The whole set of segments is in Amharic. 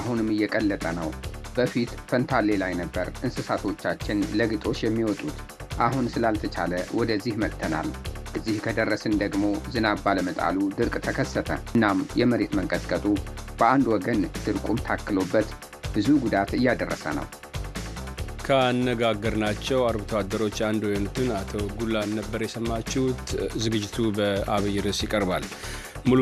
አሁንም እየቀለጠ ነው። በፊት ፈንታሌ ላይ ነበር እንስሳቶቻችን ለግጦሽ የሚወጡት። አሁን ስላልተቻለ ወደዚህ መጥተናል። እዚህ ከደረስን ደግሞ ዝናብ ባለመጣሉ ድርቅ ተከሰተ። እናም የመሬት መንቀጥቀጡ በአንድ ወገን ድርቁም ታክሎበት ብዙ ጉዳት እያደረሰ ነው። ካነጋገርናቸው አርብቶ አደሮች አንዱ የሆኑትን አቶ ጉላን ነበር የሰማችሁት። ዝግጅቱ በአብይ ርዕስ ይቀርባል ሙሉ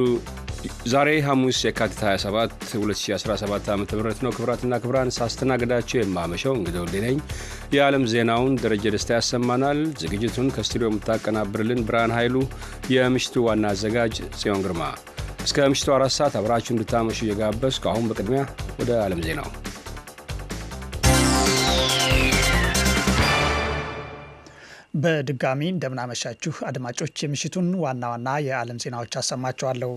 ዛሬ ሐሙስ የካቲት 27 2017 ዓ ም ነው። ክብራትና ክብራን ሳስተናግዳቸው የማመሸው እንግዲህ ወልዴ ነኝ። የዓለም ዜናውን ደረጀ ደስታ ያሰማናል። ዝግጅቱን ከስቱዲዮ የምታቀናብርልን ብርሃን ኃይሉ፣ የምሽቱ ዋና አዘጋጅ ጽዮን ግርማ። እስከ ምሽቱ አራት ሰዓት አብራችሁ እንድታመሹ እየጋበዝኩ አሁን በቅድሚያ ወደ ዓለም ዜናው በድጋሚ እንደምናመሻችሁ አድማጮች፣ የምሽቱን ዋና ዋና የዓለም ዜናዎች አሰማችኋለሁ።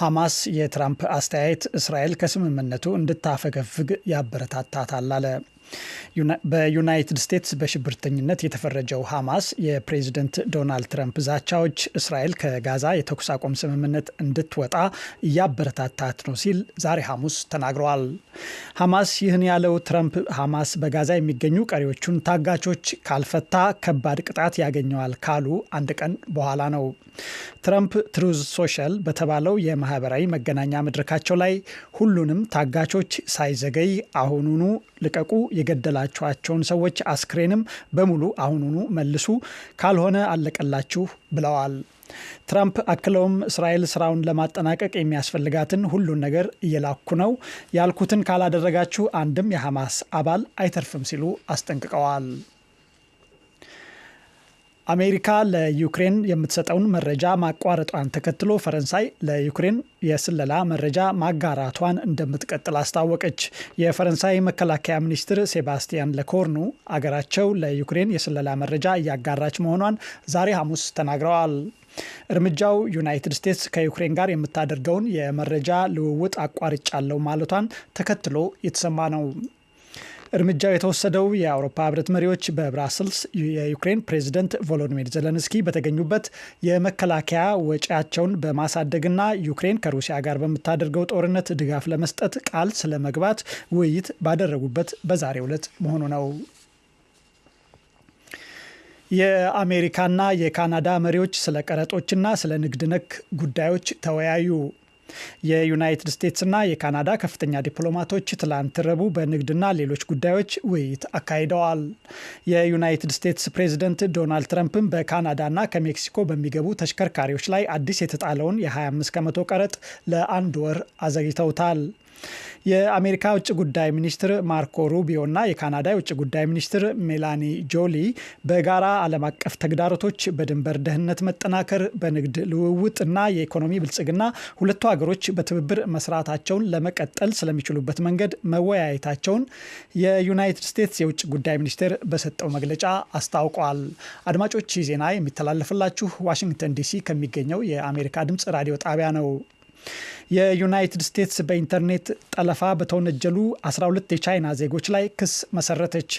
ሐማስ የትራምፕ አስተያየት እስራኤል ከስምምነቱ እንድታፈገፍግ ያበረታታታል አለ። በዩናይትድ ስቴትስ በሽብርተኝነት የተፈረጀው ሐማስ የፕሬዚደንት ዶናልድ ትረምፕ ዛቻዎች እስራኤል ከጋዛ የተኩስ አቁም ስምምነት እንድትወጣ እያበረታታት ነው ሲል ዛሬ ሐሙስ ተናግረዋል። ሐማስ ይህን ያለው ትረምፕ ሐማስ በጋዛ የሚገኙ ቀሪዎቹን ታጋቾች ካልፈታ ከባድ ቅጣት ያገኘዋል ካሉ አንድ ቀን በኋላ ነው። ትራምፕ ትሩዝ ሶሻል በተባለው የማህበራዊ መገናኛ መድረካቸው ላይ ሁሉንም ታጋቾች ሳይዘገይ አሁኑኑ ልቀቁ የገደላችኋቸውን ሰዎች አስክሬንም በሙሉ አሁኑኑ መልሱ፣ ካልሆነ አለቀላችሁ ብለዋል። ትራምፕ አክለውም እስራኤል ስራውን ለማጠናቀቅ የሚያስፈልጋትን ሁሉን ነገር እየላኩ ነው፣ ያልኩትን ካላደረጋችሁ አንድም የሐማስ አባል አይተርፍም ሲሉ አስጠንቅቀዋል። አሜሪካ ለዩክሬን የምትሰጠውን መረጃ ማቋረጧን ተከትሎ ፈረንሳይ ለዩክሬን የስለላ መረጃ ማጋራቷን እንደምትቀጥል አስታወቀች። የፈረንሳይ መከላከያ ሚኒስትር ሴባስቲያን ለኮርኑ አገራቸው ለዩክሬን የስለላ መረጃ እያጋራች መሆኗን ዛሬ ሐሙስ ተናግረዋል። እርምጃው ዩናይትድ ስቴትስ ከዩክሬን ጋር የምታደርገውን የመረጃ ልውውጥ አቋርጫለው ማለቷን ተከትሎ የተሰማ ነው። እርምጃው የተወሰደው የአውሮፓ ህብረት መሪዎች በብራስልስ የዩክሬን ፕሬዚደንት ቮሎዲሚር ዘለንስኪ በተገኙበት የመከላከያ ወጪያቸውን በማሳደግና ዩክሬን ከሩሲያ ጋር በምታደርገው ጦርነት ድጋፍ ለመስጠት ቃል ስለመግባት ውይይት ባደረጉበት በዛሬው ዕለት መሆኑ ነው። የአሜሪካና የካናዳ መሪዎች ስለ ቀረጦችና ስለ ንግድ ነክ ጉዳዮች ተወያዩ። የዩናይትድ ስቴትስና የካናዳ ከፍተኛ ዲፕሎማቶች ትላንት ረቡዕ በንግድና ሌሎች ጉዳዮች ውይይት አካሂደዋል። የዩናይትድ ስቴትስ ፕሬዝደንት ዶናልድ ትረምፕም በካናዳና ከሜክሲኮ በሚገቡ ተሽከርካሪዎች ላይ አዲስ የተጣለውን የ25 ከመቶ ቀረጥ ለአንድ ወር አዘግይተውታል። የአሜሪካ ውጭ ጉዳይ ሚኒስትር ማርኮ ሩቢዮ እና የካናዳ የውጭ ጉዳይ ሚኒስትር ሜላኒ ጆሊ በጋራ ዓለም አቀፍ ተግዳሮቶች፣ በድንበር ደህንነት መጠናከር፣ በንግድ ልውውጥ እና የኢኮኖሚ ብልጽግና ሁለቱ ሀገሮች በትብብር መስራታቸውን ለመቀጠል ስለሚችሉበት መንገድ መወያየታቸውን የዩናይትድ ስቴትስ የውጭ ጉዳይ ሚኒስቴር በሰጠው መግለጫ አስታውቋል። አድማጮች ይህ ዜና የሚተላለፍላችሁ ዋሽንግተን ዲሲ ከሚገኘው የአሜሪካ ድምጽ ራዲዮ ጣቢያ ነው። የዩናይትድ ስቴትስ በኢንተርኔት ጠለፋ በተወነጀሉ 12 የቻይና ዜጎች ላይ ክስ መሰረተች።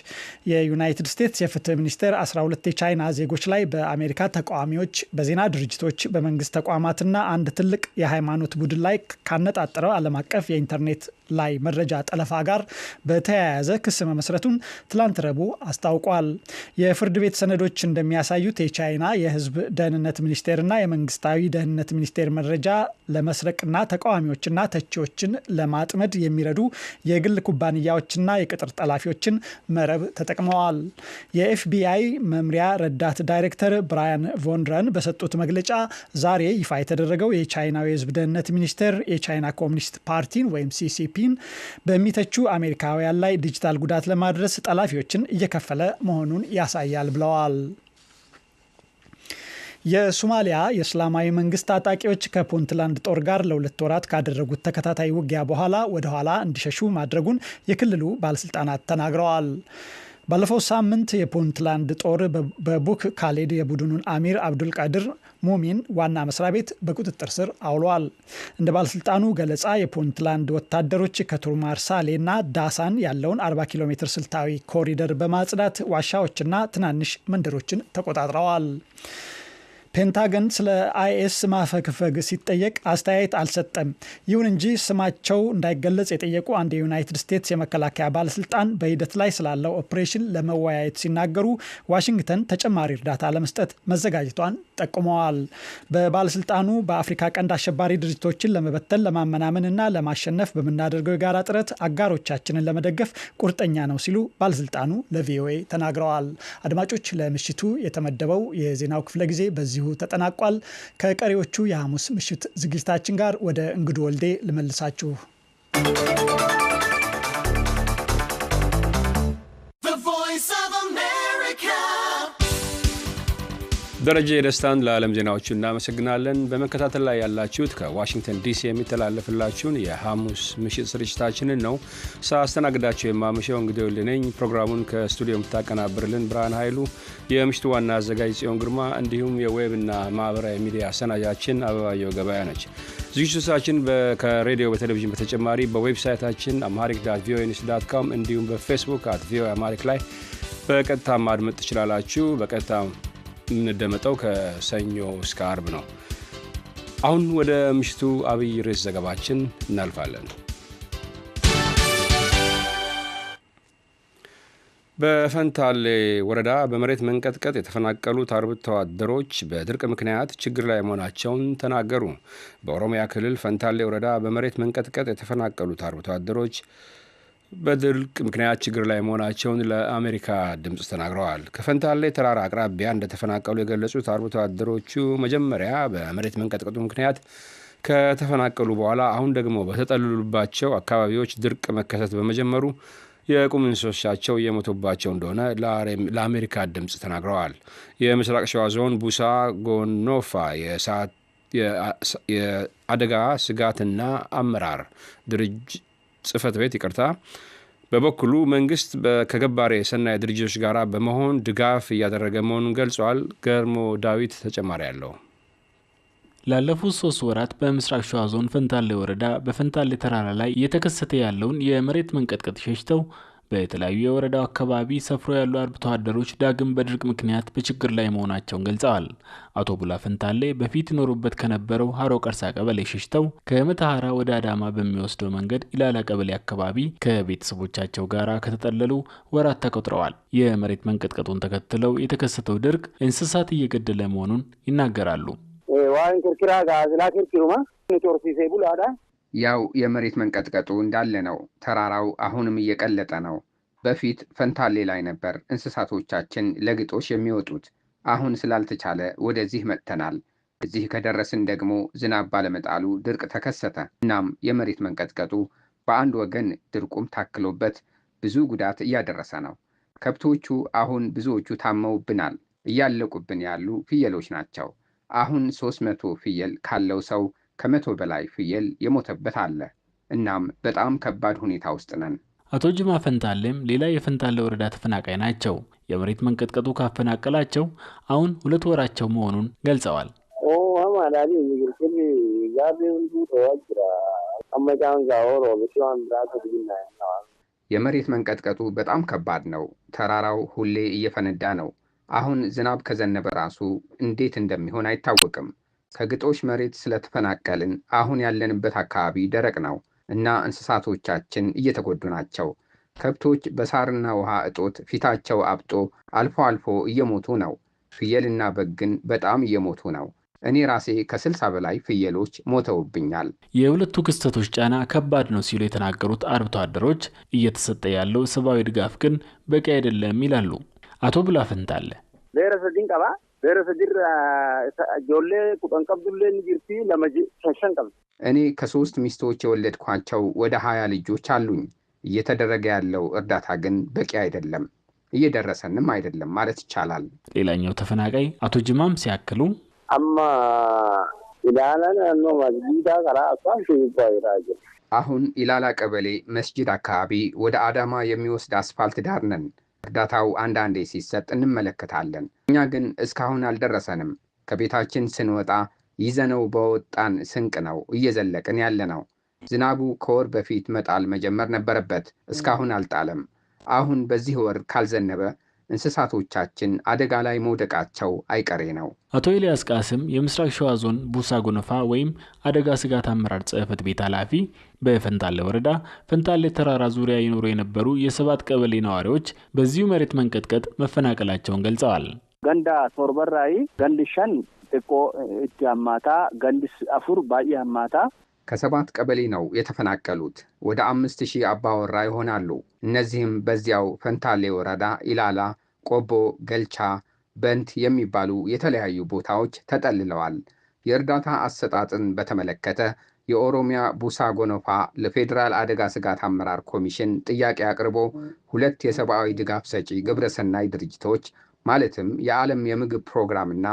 የዩናይትድ ስቴትስ የፍትህ ሚኒስቴር 12 የቻይና ዜጎች ላይ በአሜሪካ ተቃዋሚዎች፣ በዜና ድርጅቶች፣ በመንግስት ተቋማትና አንድ ትልቅ የሃይማኖት ቡድን ላይ ካነጣጠረው ዓለም አቀፍ የኢንተርኔት ላይ መረጃ ጠለፋ ጋር በተያያዘ ክስ መመስረቱን ትላንት ረቡዕ አስታውቋል። የፍርድ ቤት ሰነዶች እንደሚያሳዩት የቻይና የህዝብ ደህንነት ሚኒስቴርና የመንግስታዊ ደህንነት ሚኒስቴር መረጃ ለመስረቅና ተቃዋሚዎችና ተቺዎችን ለማጥመድ የሚረዱ የግል ኩባንያዎችና የቅጥር ጠላፊዎችን መረብ ተጠቅመዋል። የኤፍቢአይ መምሪያ ረዳት ዳይሬክተር ብራያን ቮንድረን በሰጡት መግለጫ ዛሬ ይፋ የተደረገው የቻይናው የህዝብ ደህንነት ሚኒስቴር የቻይና ኮሚኒስት ፓርቲን ወይም ሲሲፒን በሚተቹ አሜሪካውያን ላይ ዲጂታል ጉዳት ለማድረስ ጠላፊዎችን እየከፈለ መሆኑን ያሳያል ብለዋል። የሶማሊያ የእስላማዊ መንግስት ታጣቂዎች ከፑንትላንድ ጦር ጋር ለሁለት ወራት ካደረጉት ተከታታይ ውጊያ በኋላ ወደ ኋላ እንዲሸሹ ማድረጉን የክልሉ ባለስልጣናት ተናግረዋል። ባለፈው ሳምንት የፑንትላንድ ጦር በቡክ ካሌድ የቡድኑን አሚር አብዱል ሙሚን ዋና መስሪያ ቤት በቁጥጥር ስር አውሏል። እንደ ባለስልጣኑ ገለጻ የፑንትላንድ ወታደሮች ከቱርማርሳሌና ዳሳን ያለውን 40 ኪሎ ሜትር ስልታዊ ኮሪደር በማጽዳት ዋሻዎችና ትናንሽ መንደሮችን ተቆጣጥረዋል። ፔንታገን ስለ አይኤስ ማፈግፈግ ሲጠየቅ አስተያየት አልሰጠም። ይሁን እንጂ ስማቸው እንዳይገለጽ የጠየቁ አንድ የዩናይትድ ስቴትስ የመከላከያ ባለስልጣን በሂደት ላይ ስላለው ኦፕሬሽን ለመወያየት ሲናገሩ ዋሽንግተን ተጨማሪ እርዳታ ለመስጠት መዘጋጀቷን ጠቁመዋል። በባለስልጣኑ በአፍሪካ ቀንድ አሸባሪ ድርጅቶችን ለመበተን ለማመናመን እና ለማሸነፍ በምናደርገው የጋራ ጥረት አጋሮቻችንን ለመደገፍ ቁርጠኛ ነው ሲሉ ባለስልጣኑ ለቪኦኤ ተናግረዋል። አድማጮች፣ ለምሽቱ የተመደበው የዜናው ክፍለ ጊዜ በዚሁ ተጠናቋል። ከቀሪዎቹ የሐሙስ ምሽት ዝግጅታችን ጋር ወደ እንግዱ ወልዴ ልመልሳችሁ። voice of ደረጀ የደስታን ለዓለም ዜናዎቹ እናመሰግናለን። በመከታተል ላይ ያላችሁት ከዋሽንግተን ዲሲ የሚተላለፍላችሁን የሐሙስ ምሽት ስርጭታችንን ነው። ሳስተናግዳቸው የማመሸው እንግዲህ ልነኝ ፕሮግራሙን ከስቱዲዮ የምታቀናብርልን ብርሃን ኃይሉ፣ የምሽቱ ዋና አዘጋጅ ጽዮን ግርማ እንዲሁም የዌብና ማህበራዊ ሚዲያ አሰናጃችን አበባየው ገበያ ነች። ዝግጅቶቻችን ከሬዲዮ በቴሌቪዥን በተጨማሪ በዌብሳይታችን አማሪክ ዳት ቪኦኤ ኒውስ ዳት ካም እንዲሁም በፌስቡክ አት ቪኦኤ አማሪክ ላይ በቀጥታ ማድመጥ ትችላላችሁ። በቀጥታ የምንደመጠው ከሰኞ እስከ አርብ ነው። አሁን ወደ ምሽቱ አብይ ርዕስ ዘገባችን እናልፋለን። በፈንታሌ ወረዳ በመሬት መንቀጥቀጥ የተፈናቀሉት አርብቶ አደሮች በድርቅ ምክንያት ችግር ላይ መሆናቸውን ተናገሩ። በኦሮሚያ ክልል ፈንታሌ ወረዳ በመሬት መንቀጥቀጥ የተፈናቀሉት አርብቶ አደሮች በድርቅ ምክንያት ችግር ላይ መሆናቸውን ለአሜሪካ ድምፅ ተናግረዋል። ከፈንታሌ ተራራ አቅራቢያ እንደተፈናቀሉ የገለጹት አርብቶ አደሮቹ መጀመሪያ በመሬት መንቀጥቀጡ ምክንያት ከተፈናቀሉ በኋላ አሁን ደግሞ በተጠለሉባቸው አካባቢዎች ድርቅ መከሰት በመጀመሩ የቁም እንስሶቻቸው እየሞቱባቸው እንደሆነ ለአሜሪካ ድምፅ ተናግረዋል። የምስራቅ ሸዋ ዞን ቡሳ ጎኖፋ የአደጋ ስጋትና አመራር ድርጅ ጽህፈት ቤት ይቅርታ በበኩሉ መንግስት ከገባሪ የሰናይ ድርጅቶች ጋር በመሆን ድጋፍ እያደረገ መሆኑን ገልጿል። ገርሞ ዳዊት ተጨማሪ አለው። ላለፉት ሶስት ወራት በምስራቅ ሸዋ ዞን ፈንታሌ ወረዳ በፈንታሌ ተራራ ላይ እየተከሰተ ያለውን የመሬት መንቀጥቀጥ ሸሽተው በተለያዩ የወረዳው አካባቢ ሰፍሮ ያሉ አርብቶ አደሮች ዳግም በድርቅ ምክንያት በችግር ላይ መሆናቸውን ገልጸዋል። አቶ ቡላ ፈንታሌ በፊት ይኖሩበት ከነበረው ሀሮ ቀርሳ ቀበሌ ሸሽተው ከመተሐራ ወደ አዳማ በሚወስደው መንገድ ኢላላ ቀበሌ አካባቢ ከቤተሰቦቻቸው ጋር ከተጠለሉ ወራት ተቆጥረዋል። የመሬት መንቀጥቀጡን ተከትለው የተከሰተው ድርቅ እንስሳት እየገደለ መሆኑን ይናገራሉ። ዋን ጋዝላ ቶርሲሴ ቡላዳ ያው የመሬት መንቀጥቀጡ እንዳለ ነው። ተራራው አሁንም እየቀለጠ ነው። በፊት ፈንታሌ ላይ ነበር እንስሳቶቻችን ለግጦሽ የሚወጡት። አሁን ስላልተቻለ ወደዚህ መጥተናል። እዚህ ከደረስን ደግሞ ዝናብ ባለመጣሉ ድርቅ ተከሰተ። እናም የመሬት መንቀጥቀጡ በአንድ ወገን ድርቁም ታክሎበት ብዙ ጉዳት እያደረሰ ነው። ከብቶቹ አሁን ብዙዎቹ ታመውብናል። እያለቁብን ያሉ ፍየሎች ናቸው። አሁን ሶስት መቶ ፍየል ካለው ሰው ከመቶ በላይ ፍየል የሞተበት አለ። እናም በጣም ከባድ ሁኔታ ውስጥ ነን። አቶ ጅማ ፈንታሌም ሌላ የፈንታሌ ወረዳ ተፈናቃይ ናቸው። የመሬት መንቀጥቀጡ ካፈናቀላቸው አሁን ሁለት ወራቸው መሆኑን ገልጸዋል። የመሬት መንቀጥቀጡ በጣም ከባድ ነው። ተራራው ሁሌ እየፈነዳ ነው። አሁን ዝናብ ከዘነበ ራሱ እንዴት እንደሚሆን አይታወቅም። ከግጦሽ መሬት ስለተፈናቀልን አሁን ያለንበት አካባቢ ደረቅ ነው እና እንስሳቶቻችን እየተጎዱ ናቸው። ከብቶች በሳርና ውሃ እጦት ፊታቸው አብጦ አልፎ አልፎ እየሞቱ ነው። ፍየልና በግ ግን በጣም እየሞቱ ነው። እኔ ራሴ ከስልሳ በላይ ፍየሎች ሞተውብኛል። የሁለቱ ክስተቶች ጫና ከባድ ነው ሲሉ የተናገሩት አርብቶ አደሮች እየተሰጠ ያለው ሰብአዊ ድጋፍ ግን በቂ አይደለም ይላሉ አቶ ብላ ፍንታለ Beera sadiirra ijoollee kudhan qabdullee ni jirti lama ሸን qabdi። እኔ ከሶስት ሚስቶች የወለድኳቸው ወደ ሀያ ልጆች አሉኝ። እየተደረገ ያለው እርዳታ ግን በቂ አይደለም፣ እየደረሰንም አይደለም ማለት ይቻላል። ሌላኛው ተፈናቃይ አቶ ጅማም ሲያክሉ አማ አሁን ኢላላ ቀበሌ መስጂድ አካባቢ ወደ አዳማ የሚወስድ አስፋልት ዳር ነን። እርዳታው አንዳንዴ ሲሰጥ እንመለከታለን። እኛ ግን እስካሁን አልደረሰንም። ከቤታችን ስንወጣ ይዘነው በወጣን ስንቅ ነው እየዘለቅን ያለ ነው። ዝናቡ ከወር በፊት መጣል መጀመር ነበረበት። እስካሁን አልጣለም። አሁን በዚህ ወር ካልዘነበ እንስሳቶቻችን አደጋ ላይ መውደቃቸው አይቀሬ ነው። አቶ ኤልያስ ቃስም የምስራቅ ሸዋ ዞን ቡሳ ጎነፋ ወይም አደጋ ስጋት አመራር ጽሕፈት ቤት ኃላፊ በፈንታሌ ወረዳ ፈንታሌ ተራራ ዙሪያ ይኖሩ የነበሩ የሰባት ቀበሌ ነዋሪዎች በዚሁ መሬት መንቀጥቀጥ መፈናቀላቸውን ገልጸዋል። ገንዳ ሶርበራይ ገንድሸን እቆ እቲ አማታ ገንድ አፉር ባይ አማታ ከሰባት ቀበሌ ነው የተፈናቀሉት። ወደ አምስት ሺህ አባወራ ይሆናሉ። እነዚህም በዚያው ፈንታሌ ወረዳ ኢላላ ቆቦ፣ ገልቻ፣ በንት የሚባሉ የተለያዩ ቦታዎች ተጠልለዋል። የእርዳታ አሰጣጥን በተመለከተ የኦሮሚያ ቡሳ ጎኖፋ ለፌዴራል አደጋ ስጋት አመራር ኮሚሽን ጥያቄ አቅርቦ ሁለት የሰብአዊ ድጋፍ ሰጪ ግብረሰናይ ድርጅቶች ማለትም የዓለም የምግብ ፕሮግራምና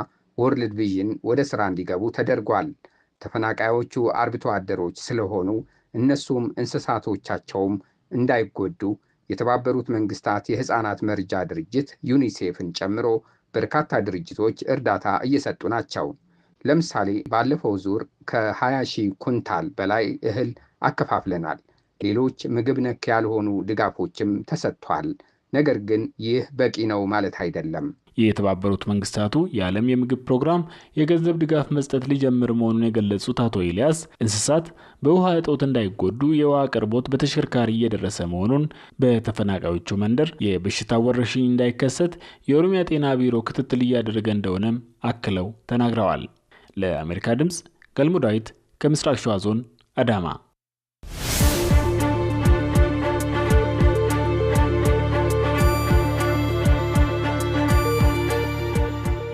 ወርልድ ቪዥን ወደ ሥራ እንዲገቡ ተደርጓል። ተፈናቃዮቹ አርብቶ አደሮች ስለሆኑ እነሱም እንስሳቶቻቸውም እንዳይጎዱ የተባበሩት መንግስታት የህፃናት መርጃ ድርጅት ዩኒሴፍን ጨምሮ በርካታ ድርጅቶች እርዳታ እየሰጡ ናቸው። ለምሳሌ ባለፈው ዙር ከ20 ሺህ ኩንታል በላይ እህል አከፋፍለናል። ሌሎች ምግብ ነክ ያልሆኑ ድጋፎችም ተሰጥቷል። ነገር ግን ይህ በቂ ነው ማለት አይደለም። የተባበሩት መንግስታቱ የዓለም የምግብ ፕሮግራም የገንዘብ ድጋፍ መስጠት ሊጀምር መሆኑን የገለጹት አቶ ኤልያስ እንስሳት በውሃ እጦት እንዳይጎዱ የውሃ አቅርቦት በተሽከርካሪ እየደረሰ መሆኑን፣ በተፈናቃዮቹ መንደር የበሽታ ወረርሽኝ እንዳይከሰት የኦሮሚያ ጤና ቢሮ ክትትል እያደረገ እንደሆነም አክለው ተናግረዋል። ለአሜሪካ ድምፅ ገልሞ ዳዊት ከምስራቅ ሸዋ ዞን አዳማ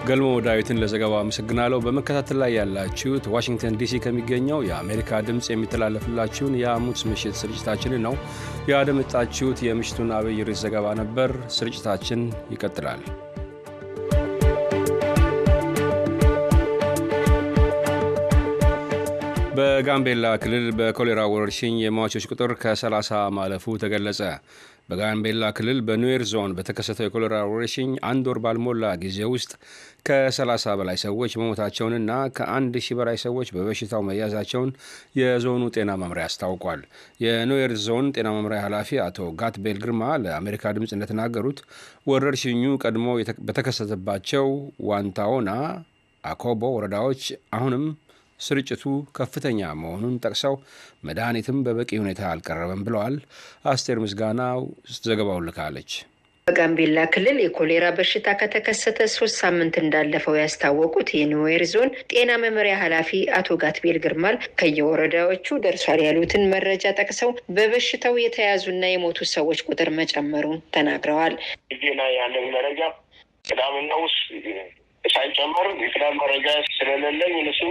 ገልሞ ዳዊትን ለዘገባው አመሰግናለሁ። በመከታተል ላይ ያላችሁት ዋሽንግተን ዲሲ ከሚገኘው የአሜሪካ ድምፅ የሚተላለፍላችሁን የሐሙስ ምሽት ስርጭታችንን ነው። ያደመጣችሁት የምሽቱን አብይ ርዕስ ዘገባ ነበር። ስርጭታችን ይቀጥላል። በጋምቤላ ክልል በኮሌራ ወረርሽኝ የሟቾች ቁጥር ከ30 ማለፉ ተገለጸ። በጋምቤላ ክልል በኑዌር ዞን በተከሰተው የኮሌራ ወረርሽኝ አንድ ወር ባልሞላ ጊዜ ውስጥ ከ30 በላይ ሰዎች መሞታቸውንና ከአንድ ሺ በላይ ሰዎች በበሽታው መያዛቸውን የዞኑ ጤና መምሪያ አስታውቋል። የኑዌር ዞን ጤና መምሪያ ኃላፊ አቶ ጋትቤል ግርማ ለአሜሪካ ድምፅ እንደተናገሩት ወረርሽኙ ቀድሞ በተከሰተባቸው ዋንታዎና አኮቦ ወረዳዎች አሁንም ስርጭቱ ከፍተኛ መሆኑን ጠቅሰው መድኃኒትም በበቂ ሁኔታ አልቀረበም ብለዋል። አስቴር ምስጋናው ዘገባውን ልካለች። በጋምቤላ ክልል የኮሌራ በሽታ ከተከሰተ ሶስት ሳምንት እንዳለፈው ያስታወቁት የኒዌር ዞን ጤና መመሪያ ኃላፊ አቶ ጋትቤል ግርማል ከየወረዳዎቹ ደርሷል ያሉትን መረጃ ጠቅሰው በበሽታው የተያዙና የሞቱ ሰዎች ቁጥር መጨመሩን ተናግረዋል። ዜና ያለን መረጃ ቅዳምና ውስጥ ሳይጨመር የቅዳም መረጃ ስለሌለኝ እነሱ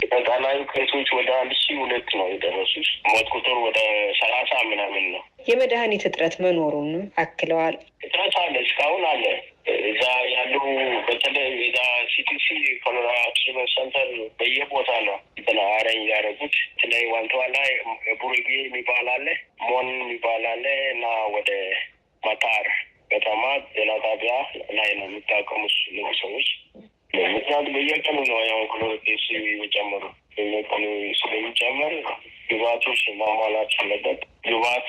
በጠቅላላዊ ከቶች ወደ አንድ ሺ ሁለት ነው የደረሱት። ሞት ቁጥር ወደ ሰላሳ ምናምን ነው። የመድኃኒት እጥረት መኖሩን አክለዋል። እጥረት አለ፣ እስካሁን አለ። እዛ ያሉ በተለይ እዛ ሲቲሲ ኮሎራ ትሪትመንት ሰንተር በየቦታ ነው እንትን አረኝ ያደረጉት። በተለይ ዋልተዋ ላይ ቡሬጌ የሚባል አለ፣ ሞን የሚባል አለ እና ወደ መታር ከተማ ጤና ጣቢያ ላይ ነው የሚታከሙ ሰዎች ምክንያቱም በየቀኑ ነው ያው ክሎሮኬስ የሚጨምሩ በየቀኑ ስለሚጨመር ግባቶች ማሟላት አለበት፣ ግባት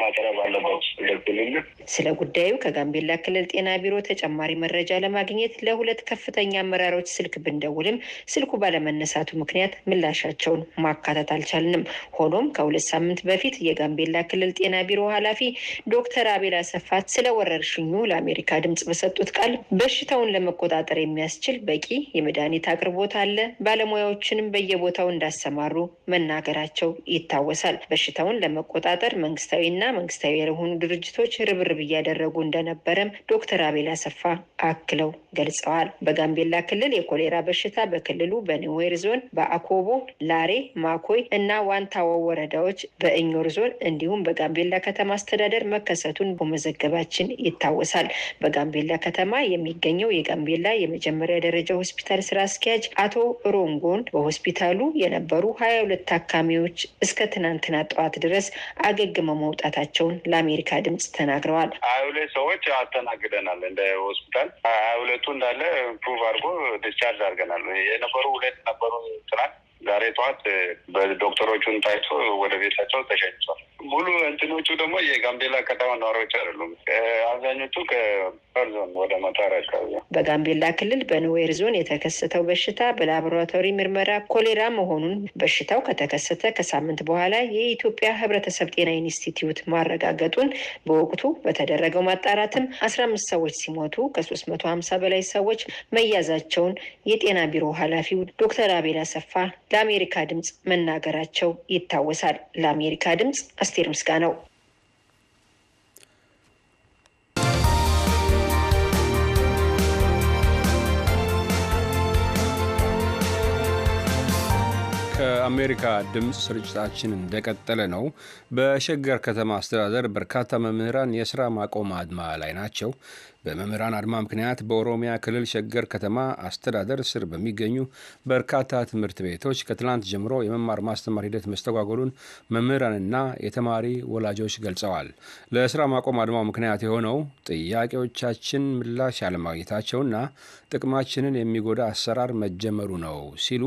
ማቅረብ አለበት። ልብልል ስለ ጉዳዩ ከጋምቤላ ክልል ጤና ቢሮ ተጨማሪ መረጃ ለማግኘት ለሁለት ከፍተኛ አመራሮች ስልክ ብንደውልም ስልኩ ባለመነሳቱ ምክንያት ምላሻቸውን ማካተት አልቻልንም። ሆኖም ከሁለት ሳምንት በፊት የጋምቤላ ክልል ጤና ቢሮ ኃላፊ ዶክተር አቤል አሰፋት ስለ ወረርሽኙ ለአሜሪካ ድምጽ በሰጡት ቃል በሽታውን ለመቆጣጠር የሚያስችል በቂ የመድኃኒት አቅርቦት አለ፣ ባለሙያዎችንም በየቦታው እንዳሰማሩ መናገራቸው መያዛቸው ይታወሳል። በሽታውን ለመቆጣጠር መንግስታዊና መንግስታዊ ያልሆኑ ድርጅቶች ርብርብ እያደረጉ እንደነበረም ዶክተር አቤል አሰፋ አክለው ገልጸዋል። በጋምቤላ ክልል የኮሌራ በሽታ በክልሉ በኒዌር ዞን በአኮቦ፣ ላሬ፣ ማኮይ እና ዋንታዋ ወረዳዎች በእኞር ዞን እንዲሁም በጋምቤላ ከተማ አስተዳደር መከሰቱን በመዘገባችን ይታወሳል። በጋምቤላ ከተማ የሚገኘው የጋምቤላ የመጀመሪያ ደረጃ ሆስፒታል ስራ አስኪያጅ አቶ ሮንጎን በሆስፒታሉ የነበሩ ሀያ ሁለት ታካሚዎች ተጠርጣሪዎች እስከ ትናንትና ጠዋት ድረስ አገግመው መውጣታቸውን ለአሜሪካ ድምፅ ተናግረዋል። ሀያ ሁለት ሰዎች አስተናግደናል እንደ ሆስፒታል ሀያ ሁለቱ እንዳለ ፕሩቭ አድርጎ ዲስቻርጅ አድርገናል። የነበሩ ሁለት ነበሩ ትናንት ዛሬ ጠዋት በዶክተሮቹን ታይቶ ወደ ቤታቸው ተሸኝቷል። ሙሉ እንትኖቹ ደግሞ የጋምቤላ ከተማ ነዋሪዎች አይደሉም። አብዛኞቹ ከፐር ዞን ወደ መታር አካባቢ በጋምቤላ ክልል በኑዌር ዞን የተከሰተው በሽታ በላቦራቶሪ ምርመራ ኮሌራ መሆኑን በሽታው ከተከሰተ ከሳምንት በኋላ የኢትዮጵያ ሕብረተሰብ ጤና ኢንስቲትዩት ማረጋገጡን በወቅቱ በተደረገው ማጣራትም አስራ አምስት ሰዎች ሲሞቱ ከሶስት መቶ ሀምሳ በላይ ሰዎች መያዛቸውን የጤና ቢሮ ኃላፊው ዶክተር አቤል አሰፋ ለአሜሪካ ድምፅ መናገራቸው ይታወሳል። ለአሜሪካ ድምፅ አስቴር ነው። የአሜሪካ ድምፅ ስርጭታችን እንደቀጠለ ነው። በሸገር ከተማ አስተዳደር በርካታ መምህራን የሥራ ማቆም አድማ ላይ ናቸው። በመምህራን አድማ ምክንያት በኦሮሚያ ክልል ሸገር ከተማ አስተዳደር ስር በሚገኙ በርካታ ትምህርት ቤቶች ከትላንት ጀምሮ የመማር ማስተማር ሂደት መስተጓጎሉን መምህራንና የተማሪ ወላጆች ገልጸዋል። ለስራ ማቆም አድማው ምክንያት የሆነው ጥያቄዎቻችን ምላሽ ያለማግኘታቸውና ጥቅማችንን የሚጎዳ አሰራር መጀመሩ ነው ሲሉ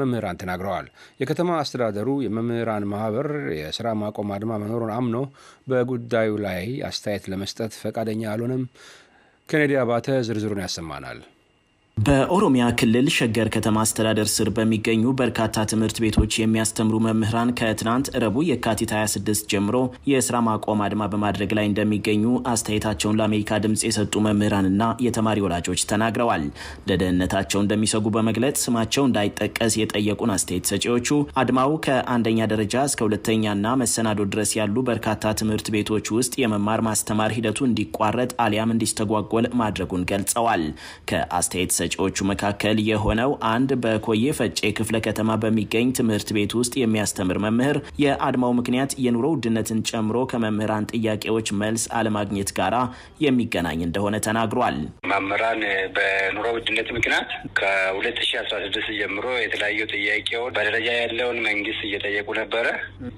መምህራን ተናግረዋል። የከተማ አስተዳደሩ የመምህራን ማህበር የስራ ማቆም አድማ መኖሩን አምኖ በጉዳዩ ላይ አስተያየት ለመስጠት ፈቃደኛ አልሆነም። ኬኔዲ አባተ ዝርዝሩን ያሰማናል። በኦሮሚያ ክልል ሸገር ከተማ አስተዳደር ስር በሚገኙ በርካታ ትምህርት ቤቶች የሚያስተምሩ መምህራን ከትናንት ረቡ የካቲት 26 ጀምሮ የስራ ማቆም አድማ በማድረግ ላይ እንደሚገኙ አስተያየታቸውን ለአሜሪካ ድምፅ የሰጡ መምህራንና የተማሪ ወላጆች ተናግረዋል። ለደህንነታቸው እንደሚሰጉ በመግለጽ ስማቸው እንዳይጠቀስ የጠየቁን አስተያየት ሰጪዎቹ አድማው ከአንደኛ ደረጃ እስከ ሁለተኛና መሰናዶ ድረስ ያሉ በርካታ ትምህርት ቤቶች ውስጥ የመማር ማስተማር ሂደቱ እንዲቋረጥ አሊያም እንዲስተጓጎል ማድረጉን ገልጸዋል። ከአስተያየት ሰጪዎቹ መካከል የሆነው አንድ በኮዬ ፈጬ ክፍለ ከተማ በሚገኝ ትምህርት ቤት ውስጥ የሚያስተምር መምህር የአድማው ምክንያት የኑሮ ውድነትን ጨምሮ ከመምህራን ጥያቄዎች መልስ አለማግኘት ጋር የሚገናኝ እንደሆነ ተናግሯል። መምህራን በኑሮ ውድነት ምክንያት ከሁለት ሺ አስራ ስድስት ጀምሮ የተለያዩ ጥያቄውን በደረጃ ያለውን መንግስት እየጠየቁ ነበረ፣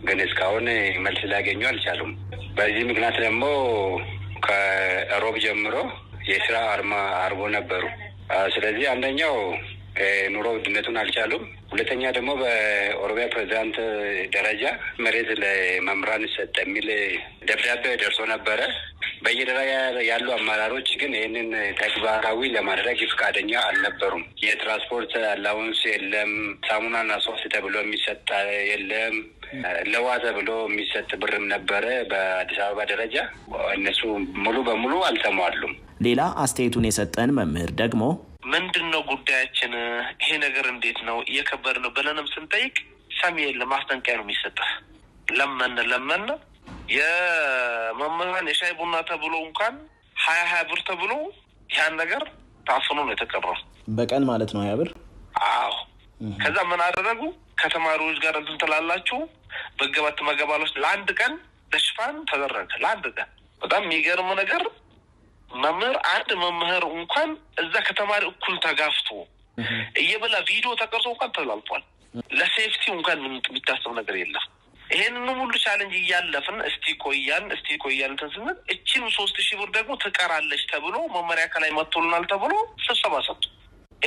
ግን እስካሁን መልስ ሊያገኙ አልቻሉም። በዚህ ምክንያት ደግሞ ከሮብ ጀምሮ የስራ አርማ አርቦ ነበሩ። ስለዚህ አንደኛው ኑሮ ውድነቱን አልቻሉም። ሁለተኛ ደግሞ በኦሮሚያ ፕሬዚዳንት ደረጃ መሬት ለመምህራን ይሰጥ የሚል ደብዳቤ ደርሶ ነበረ። በየደረጃ ያሉ አመራሮች ግን ይህንን ተግባራዊ ለማድረግ ፈቃደኛ አልነበሩም። የትራንስፖርት አላውንስ የለም፣ ሳሙናና ሶፍት ተብሎ የሚሰጥ የለም። ለዋ ተብሎ የሚሰጥ ብርም ነበረ በአዲስ አበባ ደረጃ እነሱ ሙሉ በሙሉ አልተሟሉም። ሌላ አስተያየቱን የሰጠን መምህር ደግሞ ምንድን ነው ጉዳያችን? ይሄ ነገር እንዴት ነው እየከበድ ነው ብለንም ስንጠይቅ ሰሚ የለም፣ ማስጠንቀቂያ ነው የሚሰጠ ለመን ለመን የመምህራን የሻይ ቡና ተብሎ እንኳን ሀያ ሀያ ብር ተብሎ ያን ነገር ታፍኖ ነው የተቀረው። በቀን ማለት ነው ሀያ ብር። አዎ። ከዛ ምን አደረጉ? ከተማሪዎች ጋር እንትን ትላላችሁ በገባት መገባሎች ለአንድ ቀን ለሽፋን ተደረገ። ለአንድ ቀን በጣም የሚገርሙ ነገር መምህር አንድ መምህር እንኳን እዛ ከተማሪ እኩል ተጋፍቶ እየበላ ቪዲዮ ተቀርጾ እንኳን ተላልፏል። ለሴፍቲ እንኳን የሚታሰብ ነገር የለም። ይሄንን ሁሉ ቻለንጅ እያለፍን እስቲ ቆያን እስቲ ቆያን እንትን ስንል እችን ሶስት ሺህ ብር ደግሞ ትቀራለች ተብሎ መመሪያ ከላይ መጥቶልናል ተብሎ ስብሰባ ሰጡ።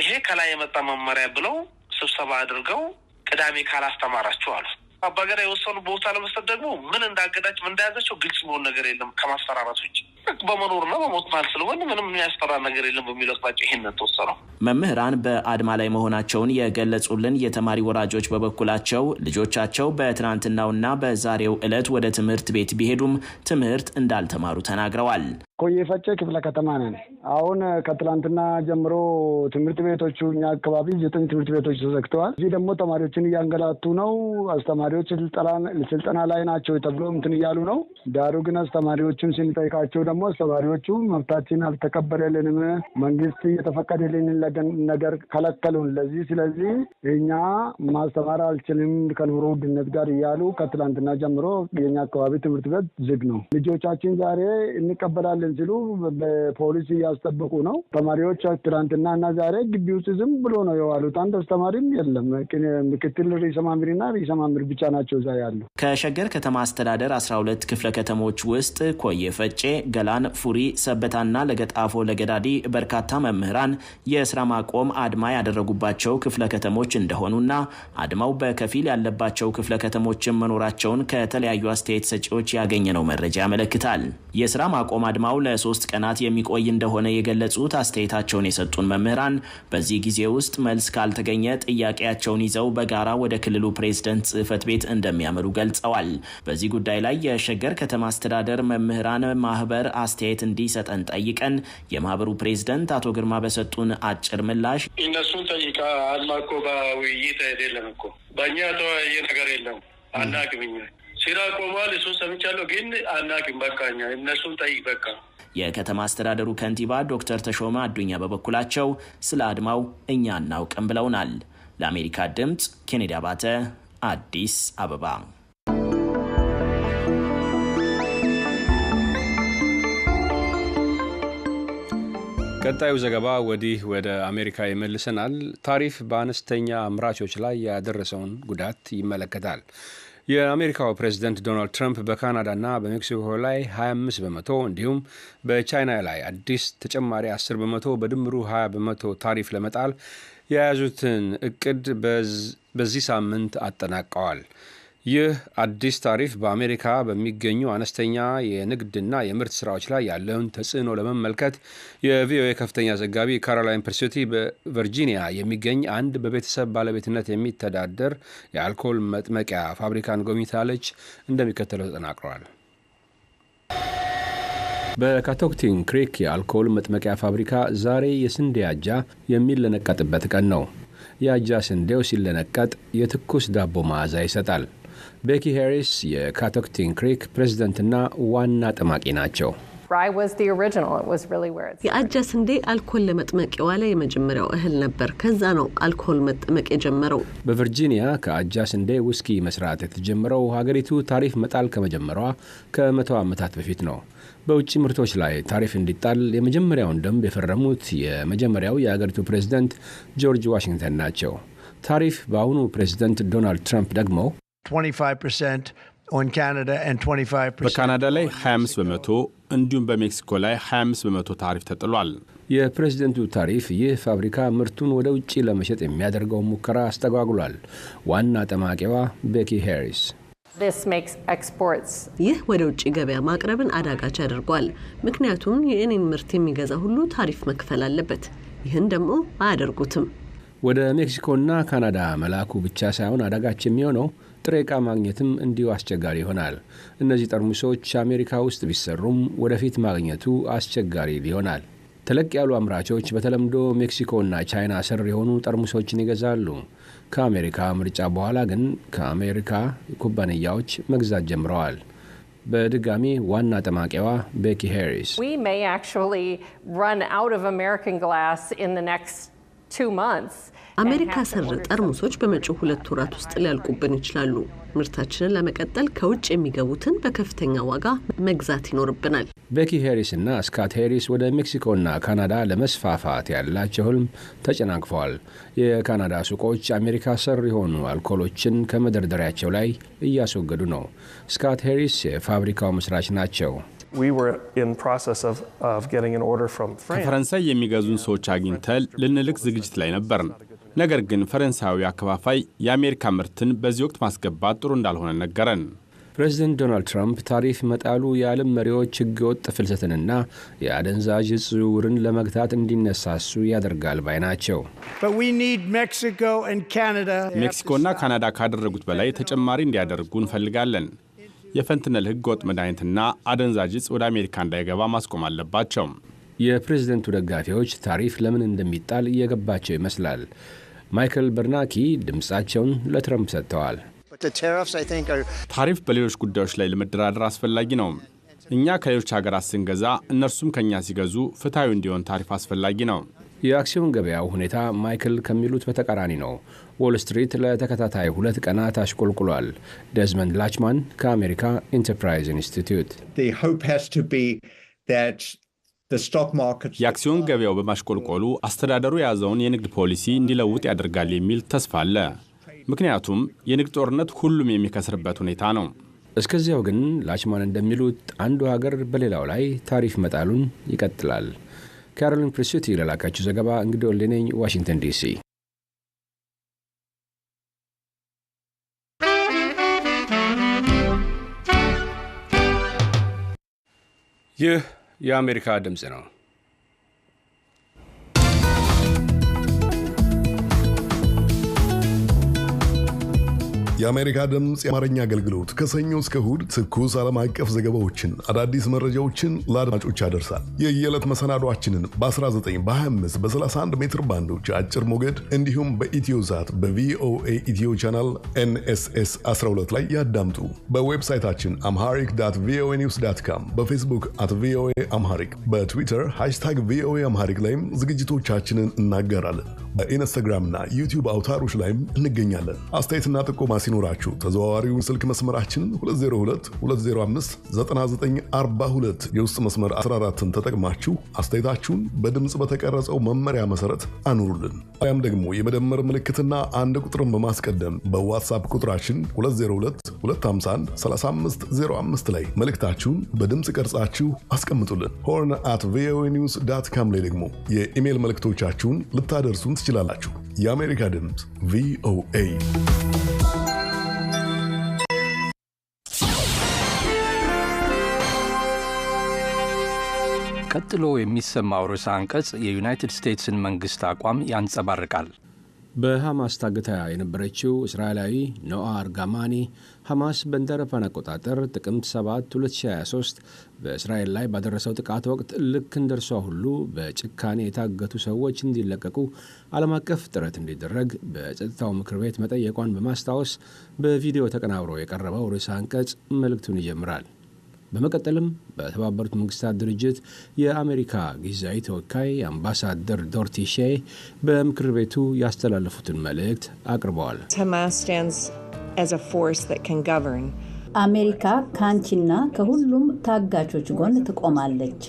ይሄ ከላይ የመጣ መመሪያ ብለው ስብሰባ አድርገው ቅዳሜ ካላስተማራችሁ አሉ። አባገዳ የወሰኑ ቦታ ለመስጠት ደግሞ ምን እንዳገዳቸው እንዳያዛቸው ግልጽ መሆን ነገር የለም ከማስፈራራት ውጭ በመኖርና በሞት መሃል ስለሆነ ምንም የሚያስፈራ ነገር የለም በሚል አቅጣጫ ይሄን ተወሰነው። መምህራን በአድማ ላይ መሆናቸውን የገለጹልን የተማሪ ወራጆች በበኩላቸው ልጆቻቸው በትናንትናውና በዛሬው ዕለት ወደ ትምህርት ቤት ቢሄዱም ትምህርት እንዳልተማሩ ተናግረዋል። ኮዬ ክፍለ ከተማ ነን። አሁን ከትላንትና ጀምሮ ትምህርት ቤቶቹ እኛ አካባቢ ዘጠኝ ትምህርት ቤቶች ተዘግተዋል። እዚህ ደግሞ ተማሪዎችን እያንገላቱ ነው። አስተማሪዎች ስልጠና ላይ ናቸው ተብሎ እንትን እያሉ ነው። ዳሩ ግን አስተማሪዎቹን ስንጠይቃቸው ደግሞ አስተማሪዎቹ መብታችን አልተከበረልንም፣ መንግስት እየተፈቀደልንን ነገር ከለከሉን። ለዚህ ስለዚህ እኛ ማስተማር አልችልም ከኑሮ ውድነት ጋር እያሉ ከትላንትና ጀምሮ የኛ አካባቢ ትምህርት ቤት ዝግ ነው። ልጆቻችን ዛሬ እንቀበላለን አለን ሲሉ በፖሊስ እያስጠበቁ ነው። ተማሪዎች ትናንትና እና ዛሬ ግቢ ውስጥ ዝም ብሎ ነው የዋሉት። አንድ አስተማሪም የለም። ምክትል ርዕሰ መምህርና ርዕሰ መምህር ብቻ ናቸው እዛ ያሉ። ከሸገር ከተማ አስተዳደር አስራ ሁለት ክፍለ ከተሞች ውስጥ ኮየ ፈጬ፣ ገላን፣ ፉሪ፣ ሰበታና ለገጣፎ ለገዳዲ በርካታ መምህራን የስራ ማቆም አድማ ያደረጉባቸው ክፍለ ከተሞች እንደሆኑና አድማው በከፊል ያለባቸው ክፍለ ከተሞችን መኖራቸውን ከተለያዩ አስተያየት ሰጪዎች ያገኘነው መረጃ ያመለክታል። የስራ ማቆም አድማው ለሶስት ቀናት የሚቆይ እንደሆነ የገለጹት አስተያየታቸውን የሰጡን መምህራን በዚህ ጊዜ ውስጥ መልስ ካልተገኘ ጥያቄያቸውን ይዘው በጋራ ወደ ክልሉ ፕሬዝደንት ጽህፈት ቤት እንደሚያመሩ ገልጸዋል። በዚህ ጉዳይ ላይ የሸገር ከተማ አስተዳደር መምህራን ማህበር አስተያየት እንዲሰጠን ጠይቀን የማህበሩ ፕሬዝደንት አቶ ግርማ በሰጡን አጭር ምላሽ እነሱን ጠይቃ አልማኮ በውይይት አይደለም እኮ በእኛ ተወያየ ነገር የለም አናቅምኛ ስራ ቆሟል። እሱ ሰምቻለሁ፣ ግን አናቅም። በቃ እኛ እነሱን ጠይቅ በቃ የከተማ አስተዳደሩ ከንቲባ ዶክተር ተሾመ አዱኛ በበኩላቸው ስለ አድማው እኛ አናውቅም ብለውናል። ለአሜሪካ ድምፅ ኬኔዲ አባተ አዲስ አበባ። ቀጣዩ ዘገባ ወዲህ ወደ አሜሪካ ይመልሰናል። ታሪፍ በአነስተኛ አምራቾች ላይ ያደረሰውን ጉዳት ይመለከታል። የአሜሪካው ፕሬዚደንት ዶናልድ ትራምፕ በካናዳና በሜክሲኮ ላይ 25 በመቶ እንዲሁም በቻይና ላይ አዲስ ተጨማሪ 10 በመቶ በድምሩ 20 በመቶ ታሪፍ ለመጣል የያዙትን እቅድ በዚህ ሳምንት አጠናቀዋል። ይህ አዲስ ታሪፍ በአሜሪካ በሚገኙ አነስተኛ የንግድና የምርት ስራዎች ላይ ያለውን ተጽዕኖ ለመመልከት የቪኦኤ ከፍተኛ ዘጋቢ ካሮላይን ፐርሲቲ በቨርጂኒያ የሚገኝ አንድ በቤተሰብ ባለቤትነት የሚተዳደር የአልኮል መጥመቂያ ፋብሪካን ጎብኝታለች። እንደሚከተለው ተጠናቅረዋል። በካቶክቲን ክሪክ የአልኮል መጥመቂያ ፋብሪካ ዛሬ የስንዴ አጃ የሚለነቀጥበት ቀን ነው። የአጃ ስንዴው ሲለነቀጥ የትኩስ ዳቦ መዓዛ ይሰጣል። ቤኪ ሄሪስ የካቶክቲን ክሪክ ፕሬዝደንትና ዋና ጠማቂ ናቸው። የአጃ ስንዴ አልኮል ለመጥመቅ የዋለ የመጀመሪያው እህል ነበር። ከዛ ነው አልኮል መጠመቅ የጀመረው። በቨርጂኒያ ከአጃ ስንዴ ውስኪ መስራት የተጀመረው ሀገሪቱ ታሪፍ መጣል ከመጀመሯ ከመቶ ዓመታት በፊት ነው። በውጭ ምርቶች ላይ ታሪፍ እንዲጣል የመጀመሪያውን ደንብ የፈረሙት የመጀመሪያው የአገሪቱ ፕሬዝደንት ጆርጅ ዋሽንግተን ናቸው። ታሪፍ በአሁኑ ፕሬዝደንት ዶናልድ ትራምፕ ደግሞ በካናዳ ላይ 25 በመቶ እንዲሁም በሜክሲኮ ላይ 25 በመቶ ታሪፍ ተጥሏል። የፕሬዝደንቱ ታሪፍ ይህ ፋብሪካ ምርቱን ወደ ውጭ ለመሸጥ የሚያደርገውን ሙከራ አስተጓጉሏል። ዋና ጠማቂዋ ቤኪ ሄሪስ ይህ ወደ ውጭ ገበያ ማቅረብን አዳጋች አድርጓል። ምክንያቱም የእኔን ምርት የሚገዛ ሁሉ ታሪፍ መክፈል አለበት። ይህን ደግሞ አያደርጉትም። ወደ ሜክሲኮና ካናዳ መላኩ ብቻ ሳይሆን አዳጋች የሚሆነው ጥሬ ዕቃ ማግኘትም እንዲሁ አስቸጋሪ ይሆናል። እነዚህ ጠርሙሶች አሜሪካ ውስጥ ቢሰሩም ወደፊት ማግኘቱ አስቸጋሪ ይሆናል። ተለቅ ያሉ አምራቾች በተለምዶ ሜክሲኮና ቻይና ስር የሆኑ ጠርሙሶችን ይገዛሉ። ከአሜሪካ ምርጫ በኋላ ግን ከአሜሪካ ኩባንያዎች መግዛት ጀምረዋል። በድጋሚ ዋና ጠማቂዋ ቤኪ ሄሪስ አሜሪካ ሰር ጠርሙሶች በመጪው ሁለት ወራት ውስጥ ሊያልቁብን ይችላሉ። ምርታችንን ለመቀጠል ከውጭ የሚገቡትን በከፍተኛ ዋጋ መግዛት ይኖርብናል። ቤኪ ሄሪስ እና ስካት ሄሪስ ወደ ሜክሲኮና ካናዳ ለመስፋፋት ያላቸው ህልም ተጨናግፈዋል። የካናዳ ሱቆች አሜሪካ ሰር የሆኑ አልኮሎችን ከመደርደሪያቸው ላይ እያስወገዱ ነው። ስካት ሄሪስ የፋብሪካው መስራች ናቸው። ከፈረንሳይ የሚገዙን ሰዎች አግኝተን ልንልክ ዝግጅት ላይ ነበርን። ነገር ግን ፈረንሳዊ አከፋፋይ የአሜሪካ ምርትን በዚህ ወቅት ማስገባት ጥሩ እንዳልሆነ ነገረን። ፕሬዚደንት ዶናልድ ትራምፕ ታሪፍ መጣሉ የዓለም መሪዎች ህገወጥ ፍልሰትንና የአደንዛዥ ዕፅ ዝውውርን ለመግታት እንዲነሳሱ ያደርጋል ባይ ናቸው። ሜክሲኮና ካናዳ ካደረጉት በላይ ተጨማሪ እንዲያደርጉ እንፈልጋለን። የፈንትነል ህገወጥ መድኃኒትና አደንዛዥ ዕፅ ወደ አሜሪካ እንዳይገባ ማስቆም አለባቸው። የፕሬዝደንቱ ደጋፊዎች ታሪፍ ለምን እንደሚጣል እየገባቸው ይመስላል። ማይክል በርናኪ ድምፃቸውን ለትረምፕ ሰጥተዋል። ታሪፍ በሌሎች ጉዳዮች ላይ ለመደራደር አስፈላጊ ነው። እኛ ከሌሎች ሀገራት ስንገዛ እነርሱም ከእኛ ሲገዙ ፍትሐዊ እንዲሆን ታሪፍ አስፈላጊ ነው። የአክሲዮን ገበያው ሁኔታ ማይክል ከሚሉት በተቃራኒ ነው። ዎል ስትሪት ለተከታታይ ሁለት ቀናት አሽቆልቁሏል። ደዝመንድ ላችማን ከአሜሪካ ኢንተርፕራይዝ ኢንስቲትዩት የአክሲዮን ገበያው በማሽቆልቆሉ አስተዳደሩ የያዘውን የንግድ ፖሊሲ እንዲለውጥ ያደርጋል የሚል ተስፋ አለ። ምክንያቱም የንግድ ጦርነት ሁሉም የሚከስርበት ሁኔታ ነው። እስከዚያው ግን ላችማን እንደሚሉት አንዱ ሀገር በሌላው ላይ ታሪፍ መጣሉን ይቀጥላል። ካሮሊን ፕሪስቲ ለላካችሁ ዘገባ እንግዲህ ወሌነኝ ዋሽንግተን ዲሲ። ይህ የአሜሪካ ድምፅ ነው። የአሜሪካ ድምፅ የአማርኛ አገልግሎት ከሰኞ እስከ እሁድ ትኩስ ዓለም አቀፍ ዘገባዎችን፣ አዳዲስ መረጃዎችን ለአድማጮች ያደርሳል። የየዕለት መሰናዷችንን በ19 በ25 በ31 ሜትር ባንዶች አጭር ሞገድ እንዲሁም በኢትዮ ዛት በቪኦኤ ኢትዮ ቻናል ኤንኤስኤስ 12 ላይ ያዳምጡ። በዌብሳይታችን አምሃሪክ ዳት ቪኦኤ ኒውስ ዳት ካም፣ በፌስቡክ አት ቪኦኤ አምሃሪክ፣ በትዊተር ሃሽታግ ቪኦኤ አምሃሪክ ላይም ዝግጅቶቻችንን እናገራለን። በኢንስታግራምና ዩቲዩብ አውታሮች ላይም እንገኛለን። አስተያየትና ጥቆማ ሲኖራችሁ ተዘዋዋሪውን ስልክ መስመራችን 2022059942 የውስጥ መስመር 14ን ተጠቅማችሁ አስተያየታችሁን በድምፅ በተቀረጸው መመሪያ መሰረት አኑሩልን። ያም ደግሞ የመደመር ምልክትና አንድ ቁጥርን በማስቀደም በዋትሳፕ ቁጥራችን 2022513505 ላይ መልእክታችሁን በድምፅ ቀርጻችሁ አስቀምጡልን። ሆርን አት ቪኦኤ ኒውስ ዳት ካም ላይ ደግሞ የኢሜይል መልእክቶቻችሁን ልታደርሱን ትችላላችሁ። የአሜሪካ ድምፅ ቪኦኤ ቀጥሎ የሚሰማው ርዕሰ አንቀጽ የዩናይትድ ስቴትስን መንግሥት አቋም ያንጸባርቃል። በሐማስ ታግታ የነበረችው እስራኤላዊ ኖአ ጋማኒ ሐማስ እንደ አቆጣጠር ጥቅምት 7 2023 በእስራኤል ላይ ባደረሰው ጥቃት ወቅት ልክ እንደርሷ ሁሉ በጭካኔ የታገቱ ሰዎች እንዲለቀቁ ዓለም አቀፍ ጥረት እንዲደረግ በጸጥታው ምክር ቤት መጠየቋን በማስታወስ በቪዲዮ ተቀናብሮ የቀረበው ርዕሰ አንቀጽ መልእክቱን ይጀምራል። በመቀጠልም በተባበሩት መንግስታት ድርጅት የአሜሪካ ጊዜያዊ ተወካይ አምባሳደር ዶርቲ ሼ በምክር ቤቱ ያስተላለፉትን መልእክት አቅርበዋል። አሜሪካ ከአንቺና ከሁሉም ታጋቾች ጎን ትቆማለች።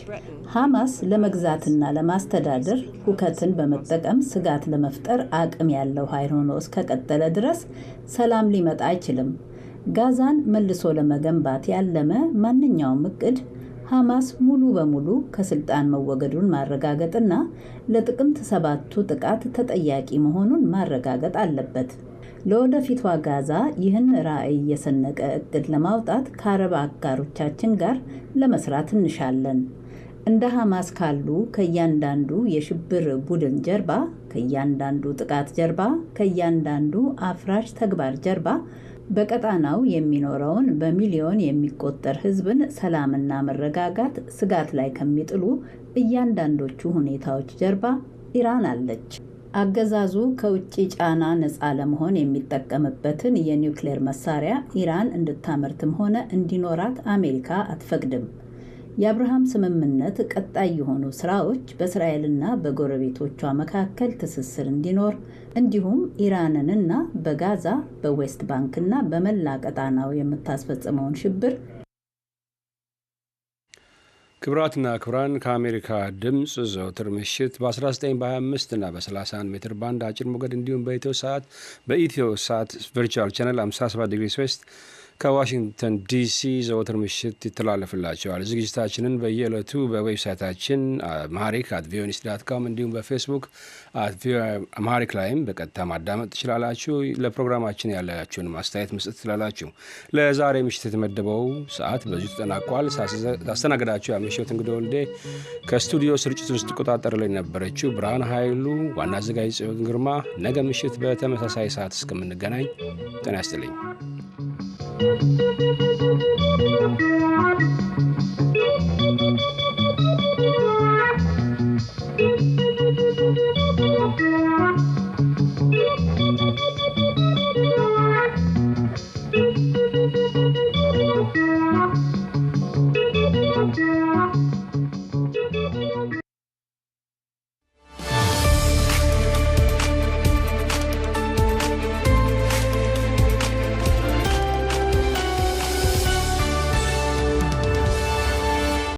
ሐማስ ለመግዛትና ለማስተዳደር ሁከትን በመጠቀም ስጋት ለመፍጠር አቅም ያለው ኃይል ሆኖ እስከቀጠለ ድረስ ሰላም ሊመጣ አይችልም። ጋዛን መልሶ ለመገንባት ያለመ ማንኛውም እቅድ ሐማስ ሙሉ በሙሉ ከስልጣን መወገዱን ማረጋገጥና ለጥቅምት ሰባቱ ጥቃት ተጠያቂ መሆኑን ማረጋገጥ አለበት። ለወደፊቷ ጋዛ ይህን ራዕይ የሰነቀ እቅድ ለማውጣት ከአረብ አጋሮቻችን ጋር ለመስራት እንሻለን። እንደ ሐማስ ካሉ ከእያንዳንዱ የሽብር ቡድን ጀርባ፣ ከእያንዳንዱ ጥቃት ጀርባ፣ ከእያንዳንዱ አፍራሽ ተግባር ጀርባ በቀጣናው የሚኖረውን በሚሊዮን የሚቆጠር ህዝብን ሰላምና መረጋጋት ስጋት ላይ ከሚጥሉ እያንዳንዶቹ ሁኔታዎች ጀርባ ኢራን አለች። አገዛዙ ከውጭ ጫና ነፃ ለመሆን የሚጠቀምበትን የኒውክሌር መሳሪያ ኢራን እንድታመርትም ሆነ እንዲኖራት አሜሪካ አትፈቅድም። የአብርሃም ስምምነት ቀጣይ የሆኑ ስራዎች በእስራኤልና በጎረቤቶቿ መካከል ትስስር እንዲኖር እንዲሁም ኢራንንና በጋዛ በዌስት ባንክና በመላ ቀጣናው የምታስፈጽመውን ሽብር ክብራትና ክብራን ከአሜሪካ ድምፅ ዘውትር ምሽት በ19 በ25 እና በ31 ሜትር ባንድ አጭር ሞገድ እንዲሁም በኢትዮ ሰዓት በኢትዮ ሰዓት ቨርቹዋል ቻነል 57 ዲግሪ ስዌስት ከዋሽንግተን ዲሲ ዘወትር ምሽት ይተላለፍላቸዋል። ዝግጅታችንን በየዕለቱ በዌብሳይታችን ማሪክ አት ቪኦኤ ዳት እንዲሁም በፌስቡክ አት ቪኦኤ ላይም በቀጥታ ማዳመጥ ትችላላችሁ። ለፕሮግራማችን ያላችሁን ማስተያየት መስጠት ትችላላችሁ። ለዛሬ ምሽት የተመደበው ሰዓት በዚሁ ተጠናቋል። ሳስተናግዳችሁ ያመሸሁት እንግዳ ወልዴ፣ ከስቱዲዮ ቆጣጠር ላይ ነበረችው ብርሃን ኃይሉ፣ ዋና አዘጋጅ ጽዮን ግርማ። ነገ ምሽት በተመሳሳይ ሰዓት እስከምንገናኝ ጤና ያስጥልኝ። Thank